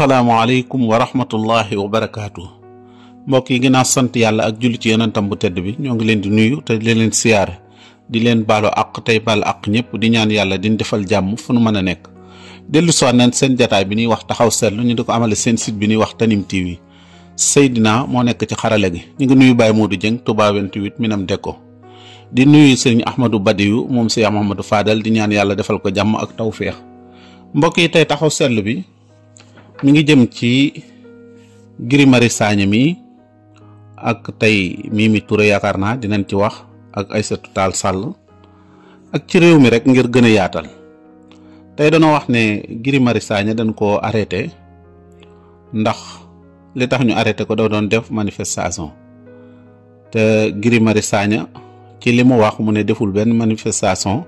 asalaamaaleykum wa rahmatullahi wa barakaatu mbokk yi ginnaaw sant yàlla ak julli ci tam bu tedd bi ñoo ngi leen di nuyu te di leen siyaare di leen baalu àq tey baal àq ñëpp di ñaan yàlla di defal jàmm fu nu mën a nekk. dellu si nañ seen jataay bi ñuy wax taxaw seetlu ñu di ko amale seen sit bi ñuy wax Tanim TV Seydina moo nekk ci xarale gi ñu ngi nuyu Baye Modou Dieng Touba 28 Minam Deko di nuyu sëñ Ahmadou Badiou moom si Ahmadou faadal di ñaan yàlla defal ko jàmm ak tawféex mbokk tey taxaw seetlu bi. mi ngi jëm ci Guy Marius Sagna mi ak tey mii mi Touré yaakaar naa dinañ ci wax ak Aïssata Tall sàll ak ci réew mi rek ngir gën a yaatal tey dañoo wax ne Guy Marius Sagna dañ koo arrêté ndax li tax ñu arrêté ko da doon def manifestation te Guy Marius Sagna ci li mu wax mu ne deful benn manifestation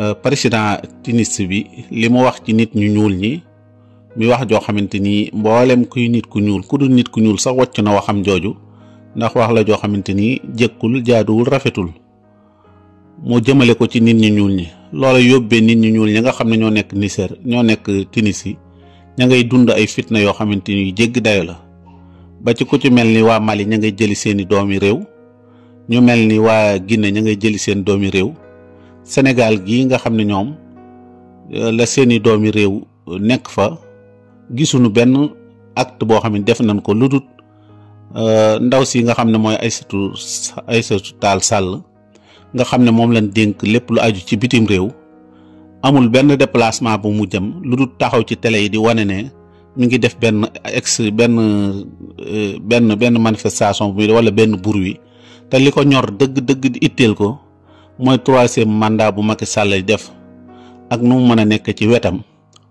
euh, président Tunis bi li mu wax ci nit ñu ñuul ñi mi wax joo xamante ni mboolem kuy nit ku ñuul ku dul nit ku ñuul sax wàcc na waxam jooju ndax wax la joo xamante ni jëkkul jaaduwul rafetul moo jëmale ko ci nit ñi ñuul ñi loola yóbbee nit ñu ñuul ñi nga xam ne ñoo nekk Niger ñoo nekk Tunisie ña ngay dund ay fitna yoo xamante ni jéggi dayo la ba ci ku ci mel ni waa Mali ña ngay jëli seeni doomi réew ñu mel ni waa Guinée ña ngay jëli seen doomi réew Sénégal gi nga xam ne ñoom eh, la seeni doomi réew eh, nekk fa gisuñu benn acte boo xam ne def nañ ko lu dul euh, ndaw si nga xam ne mooy ay Aïssatou Aïssatou Tall sàll nga xam ne moom lañ dénk lépp lu aju ci bitim réew amul benn déplacement bu mu jëm lu dul taxaw ci tele yi di wane ne mu ngi def benn ex benn euh, benn benn manifestation bu wala benn bruit te li ko ñor dëgg-dëgg di itteel ko mooy troisième mandat bu mag Macky Sall def ak nu mu mën a nekk ci wetam.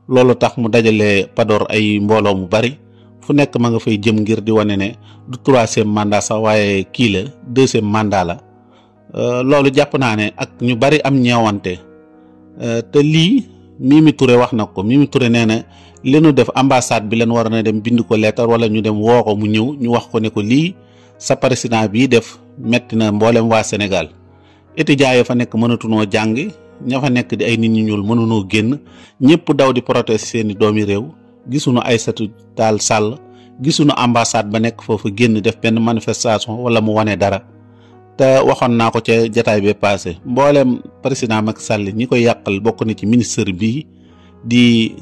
loolu tax mu dajale padoor ay mbooloo mu bari fu nekk ma nga fay jëm ngir di wane ne du troisième mandat sax waaye kii la deuxième mandat la euh, loolu jàpp naa ne ak ñu bari am ñeewante euh, te lii Mimi Touré wax na ko Mimi Touré nee na li nu def ambassade bi leen war na dem bind ko leetar wala ñu dem woo ko mu ñëw ñu wax ko ne ko lii sa président bii def metti na mboolem waa Sénégal étudiants fa nekk mënatunoo jàng ña fa nekk di ay nit ñu ñuul mënunoo génn ñëpp daw di protester seeni doomi réew gisuñu Aïssata Tall Sall gisuñu ambassade ba nekk foofu génn def benn manifestation wala mu wane dara te waxoon naa ko ca jataay bi passé mbooleem président Macky Sall ñi koy yàqal bokk na ci ministre bii di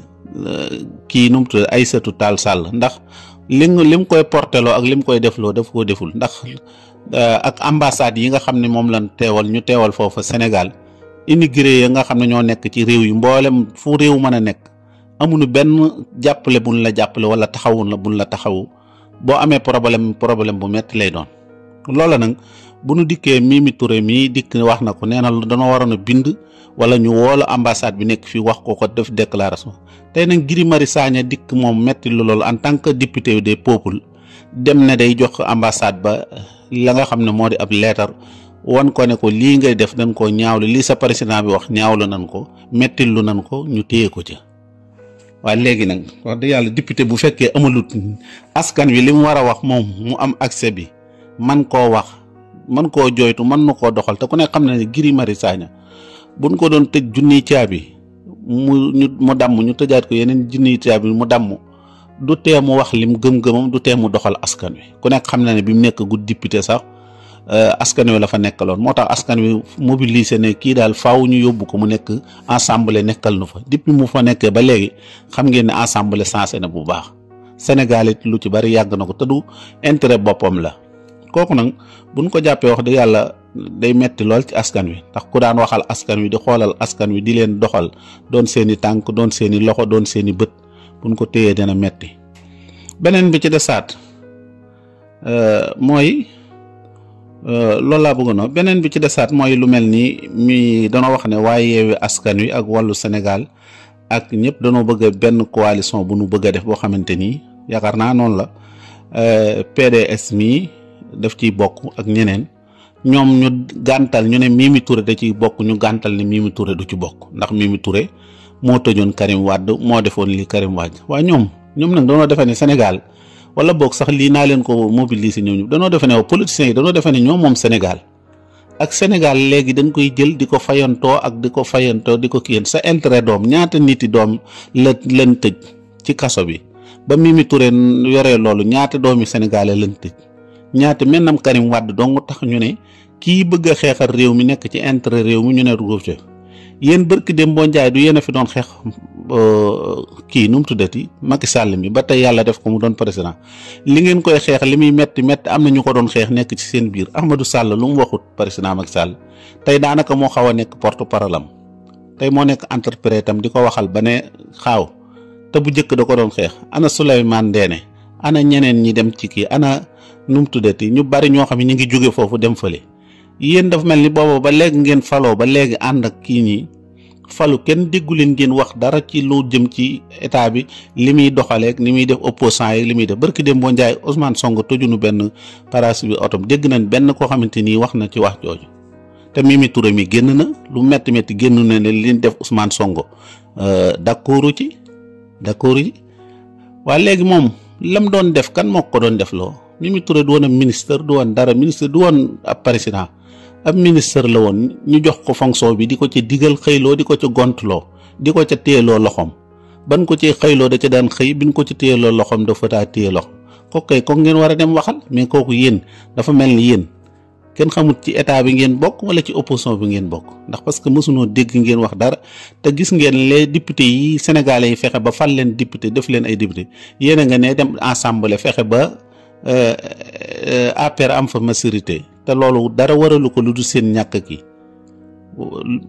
euh, kii nu mu tudd Aïssata Sall ndax li li koy porteloo ak li mu koy defloo daf koo deful ndax euh, ak ambassade yi nga xam ne moom lañ teewal ñu teewal foofa Sénégal immigré ya nga xam ne ñoo nekk ci réew yi mboolem fu réew mën a nekk amunu benn jàppale buñ la jàppale wala taxawun la buñ la taxawu boo amee problème problème bu métti lay doon loola nag bu nu dikkee mi Touré mii dikk wax na ko nee na danoo waroon a bind wala ñu woolu ambassade bi nekk fii wax ko def déclaration tey nag Guy Marius dikk moom métti lu loolu en tant que député des peuples dem na day jox ambassade ba la nga xam ne moo di ab leetar wan ko ne ko lii ngay def dañ koo ñaawlu lii sa président bi wax ñaawlu nan ko mettil lu nan ko ñu téye ko ca waaye léegi nag wax dëgg yàlla député bu fekkee amalu askan wi li mu war a wax moom mu am acce bi man koo wax man koo jooytu mën na koo doxal te ku ne xam na ne Guy Marius Sagna buñ ko doon tëj junniy bi mu ñu mu damm ñu tëjaat ko yeneen junniy caabi mu damm du tee mu wax lim gëm-gëmam du tee mu doxal askan wi ku nekk xam na ne bi mu nekk gu sax Euh, askan wi la fa nekkaloon moo tax askan wi mobilisé ne kii daal faw ñu yóbbu ko mu nekk assemblée nekkal nu fa depuis mu fa nekkee ba léegi xam ngeen ne assemblée sensé na bu baax Sénégal it lu ci bari yàgg na ko te du intérêt boppam la kooku nag buñ ko jàppee wax dëgg yàlla day metti lool ci askan wi ndax ku daan waxal askan wi di xoolal askan wi di leen doxal doon seeni tànk doon seeni loxo doon seeni bët buñ ko téyee dina metti beneen bi ci desaat euh, mooy Euh, loolu laa bëggoon beneen bi ci desaat mooy lu mel nii mi danoo wax ne waaye yeewi askan wi ak wàllu senegal ak ñëpp danoo bëgg benn coalition bu nu bëgg a def boo xamante ni yaakaar naa noonu la euh, PDS mii daf ci bokk ak ñeneen ñoom ñu gàntal ñu ne Mimi Touré da ciy bokk ñu gàntal ne Mimi Touré du ci bokk ndax Mimi ture moo tëjoon Karim Wade moo defoon li Karim Wade waaye ñoom ñoom nag danoo defee ne Sénégal wala boog sax lii naa leen ko mobiliser ñoom ñu danoo defe ne politiciens yi danoo defe ne ñoom moom Sénégal ak Sénégal léegi dañ koy jël di ko fayantoo ak di ko fayantoo di ko kiyan sa intérêt doom ñaata nit doom la leen tëj ci kaso bi ba Mimi Touré yoree loolu ñaata doomi sénégalais leen tëj ñaata mennam Karim wàdd dong tax ñu ne kii bëgg xeexal réew mi nekk ci intérêt réew mi ñu ne ruuf yéen bërki dem boo njaay du yéen a fi doon xeex Euh, kii nu mu tuddati Macky Sall mi ba tey yàlla def ko mu doon président li ngeen koy xeex li muy metti metti am na ñu ko doon xeex nekk ci seen biir Ahmadou Sall lu mu waxut président Macky Sall tey daanaka moo xaw a nekk porte parole am tey moo nekk interprète am di ko waxal ba ne xaaw te bu njëkk da ko doon xeex ana Souleymane Ndéné ana ñeneen ñi dem ci kii ana nu mu tuddati ñu bari ñoo xam ne ñu ngi jóge foofu dem fële yéen dafa mel ni booba ba léegi ngeen faloo ba léegi ànd ak kii ñi. falu kenn déggu leen ngeen wax dara ci lu jëm ci état bi li muy doxaleek ni muy def opposant yeeg li muy def barki dem boo njaay Ousmane Sonko tëjunu benn parasi bi oto dégg nañ benn koo xamante nii wax na ci wax jooju te Mimi Touré mi génn na lu métti métti génn na ne li def Ousmane Sonko euh, d'accord ci d'accord ci waa léegi moom lam doon def kan moo ko doon def loo Mimi Touré du woon a ministre du woon dara ministre du woon ab ab ministre la woon ñu jox ko fonction bi di ko ci digal xëyloo di ko ci gontloo di ko ca téyeloo loxoom ban ko ci xëyloo da ca daan xëy bin ko ci téyeloo loxoom dafa daa téye loxo kooku ko ngeen war a dem waxal mais kooku yéen dafa mel ni yéen kenn xamut ci état bi ngeen bokk wala ci opposition bi ngeen bokk ndax parce que mësunoo dégg ngeen wax dara te gis ngeen les député yi sénégalais yi fexe ba fal leen député def leen ay député yéen a nga ne dem assemblée fexe ba euh, euh, euh, APR am fa majorité te loolu dara waralu ko lu du seen ñàkk ki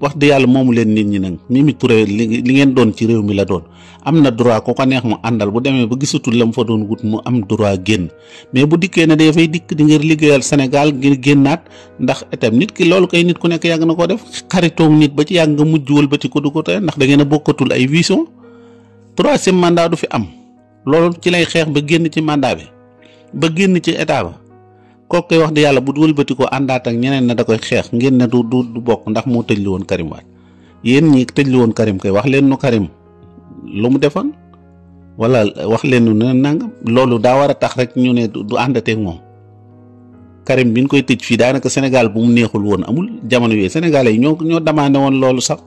wax dëgg yàlla moomu leen nit ñi nag Mimi Touré li li ngeen doon ci réew mi la doon am na droit ku ko neex mu àndal bu demee ba gisatul la mu fa doon wut mu am droit génn mais bu dikkee ne fay dikk di ngir liggéeyal Sénégal ngir génnaat ndax itam nit ki loolu kay nit ku nekk yàgg na koo def xaritoog nit ba ci yàgg nga mujj wëlbati ko du ko tey ndax da ngeen a bokkatul ay vision troisième mandat du fi am loolu ci lay xeex ba génn ci mandat bi ba génn ci état ba. kooku koy wax di yàlla bu wëlbati ko àndaat ak ñeneen na da koy xeex ngeen ne du du bokk ndax moo tëj li woon Karim Wade yéen ñi tëj li woon Karim koy wax leen nu Karim lu mu defoon wala wax leen nu ne loolu daa war a tax rek ñu ne du àndateeg moom Karim bi ñu koy tëj fii daanaka Sénégal bu mu neexul woon amul jamono yooyu sénégalais yi ñoo ñoo demandé woon loolu sax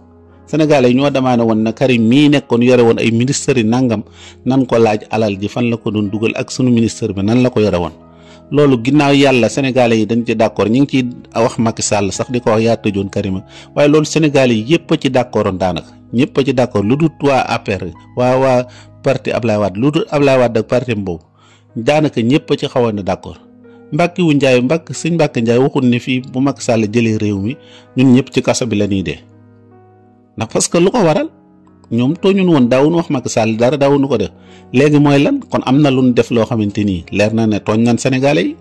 sénégalais yi ñoo demandé woon na Karim mii nekkoon yore woon ay ministres yi nangam nan ko laaj alal ji fan la ko doon dugal ak sunu ministre bi nan la ko yore woon. loolu ginnaaw yàlla sénégalais yi dañ ci d'accord ñu ngi ciy wax Macky Sall sax di ko wax yaa tëjoon Karima waaye loolu sénégalais yi yëpp a ci d'accordoon daanaka ñëpp a ci d'accord lu dut waa APR waa waa parti Ablaye Wade lu dut Ablaye Wade ak parti boobu daanaka ñëpp a ci xawoon na d'accord Mbacke wu Ndiaye Mbacke sëñ Mbacke Ndiaye waxul ne fii bu Macky Sall jëlee réew mi ñun ñëpp ci kaso bi la ñuy dee ndax parce lu ko waral ñoom tooñun woon daawuñu wax ma Macky Sall dara daawuñu ko def léegi mooy lan kon am na lu ñu def loo xamante ni leer na ne tooñ nan Sénégalais yi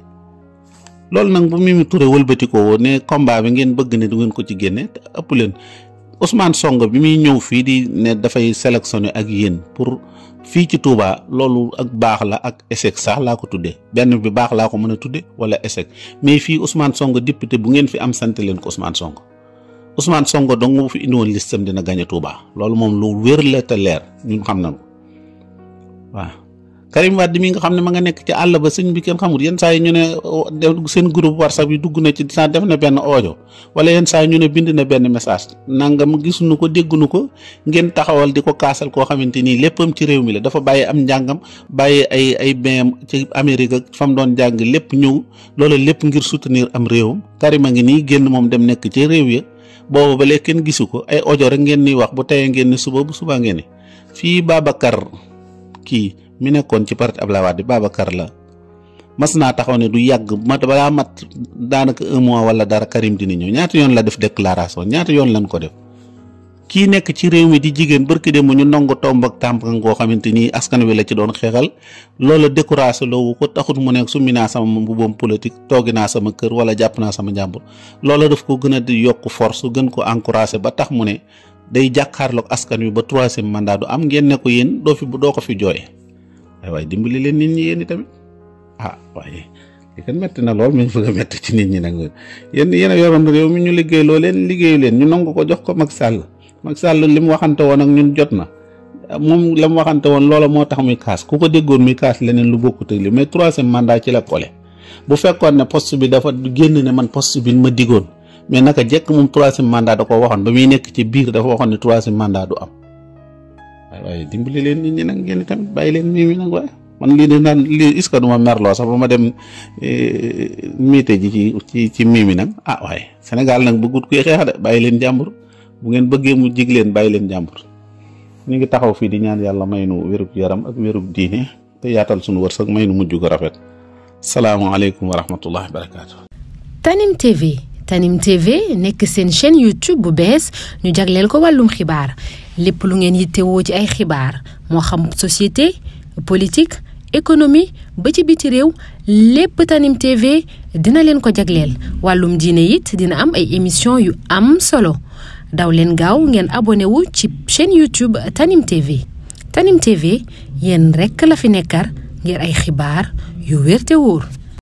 loolu nag bu Mimi Touré wëlbatikoo woon ne combat bi ngeen bëgg ne du ngeen ko ci génne te ëpp leen Ousmane Sonko bi muy ñëw fii di ne dafay sélectionné ak yéen pour fii ci Touba loolu ak baax la ak échec sax laa ko tuddee benn bi baax laa ko mën a tudde wala échec mais fii Ousmane Sonko député bu ngeen fi am sant leen ko Ousmane Sonko. Ousmane Sonko dong moo fi indi woon listam dina gañe Touba loolu moom lu wér la te leer ñun xam na waaw Karim mi nga xam ne ma nga nekk ci àll ba sëñ bi kenn xamul yenn saa yi ñu ne seen groupe WhatsApp yi dugg na ci sa def na benn audio wala yenn saa yi ñu ne bind na benn message nangam gisuñu ko dégguñu ko ngeen taxawal di ko kaasal koo xamante nii léppam ci réew mi la dafa bàyyi am njàngam bàyyi ay ay baam ci Amérique ak fa doon jàng lépp ñëw loolu lépp ngir soutenir am réewam Karim a ngi nii génn moom dem nekk ci réew ya boobu ba léegi kenn gisu ko ay ojo rek ngeen ni wax bu teyee ngeen ni suba bu subaa ngeen ni fii Babacar kii mu nekkoon ci parti Abdoulaye Wade Babacar la mas naa taxaw ne du yàgg mat balaa mat daanaka un mois wala dara Karim dina ñëw ñaata yoon la def déclaration ñaata yoon lañ ko def. kii nekk ci réew mi di jigéen de dem ñu nangu tomb ak tàmbang goo xamante ni askan wi la ci doon xeexal loola découragé loowu ko taxut mu ne summi naa sama mbubbam politique toogi naa sama kër wala jàpp naa sama njàmbur loola daf ko gën a di yokk force gën ko encouragé ba tax mu ne day jàkkaarloog askan wi ba troisième mandat du am ngeen ne ko yéen doo fi doo ko fi jooye waaye dimbali leen nit ñi yéen i tamit ah waaye li kan métti na lool mi ngi nit ñi nag yéen yéen a ñu liggéey loo leen liggéeyu leen ñu nangu ko jox ko Macky Sall Macky Sall li mu waxante woon ak ñun jot na moom la mu waxante woon loola moo tax muy kaas ku ko déggoon muy kaas leneen lu bokkut ak li mais troisième mandat ci la collé bu fekkoon ne poste bi dafa génn ne man poste bi ma diggoon mais naka jekk moom troisième mandat da koo waxoon ba muy nekk ci biir dafa waxoon ne troisième mandat du am leen nit ñi nag ngeen tamit bàyyi leen mii mi nag de naan lii est-ce que merloo sax ba ma dem eh, miite ci ci ci mii mi nag ah waaye Sénégal nag bëggut kuy xeex de bàyyi leen jàmbur. bu ngeen bëggee mu jig leen bàyyi leen jàmbur ñu ngi taxaw fii di ñaan yàlla maynu nu wérub yaram ak wérub diine te yaatal sunu wërsëg may nu mujj ko rafet salaamualeykum wa rahmatullahi barakaatu. Tanim TV Tanim TV nekk seen chaîne YouTube bu bees ñu jagleel ko wàllum xibaar lépp lu ngeen yittewoo ci ay xibaar moo xam société politique économie ba ci biti réew lépp Tanim TV dina leen ko jagleel wàllum diine it dina am ay émission yu am solo. daw leen gaaw ngeen abonné wu ci chaîne YouTube Tanim TV Tanim TV yéen rekk la fi nekkar ngir ay xibaar yu wér woor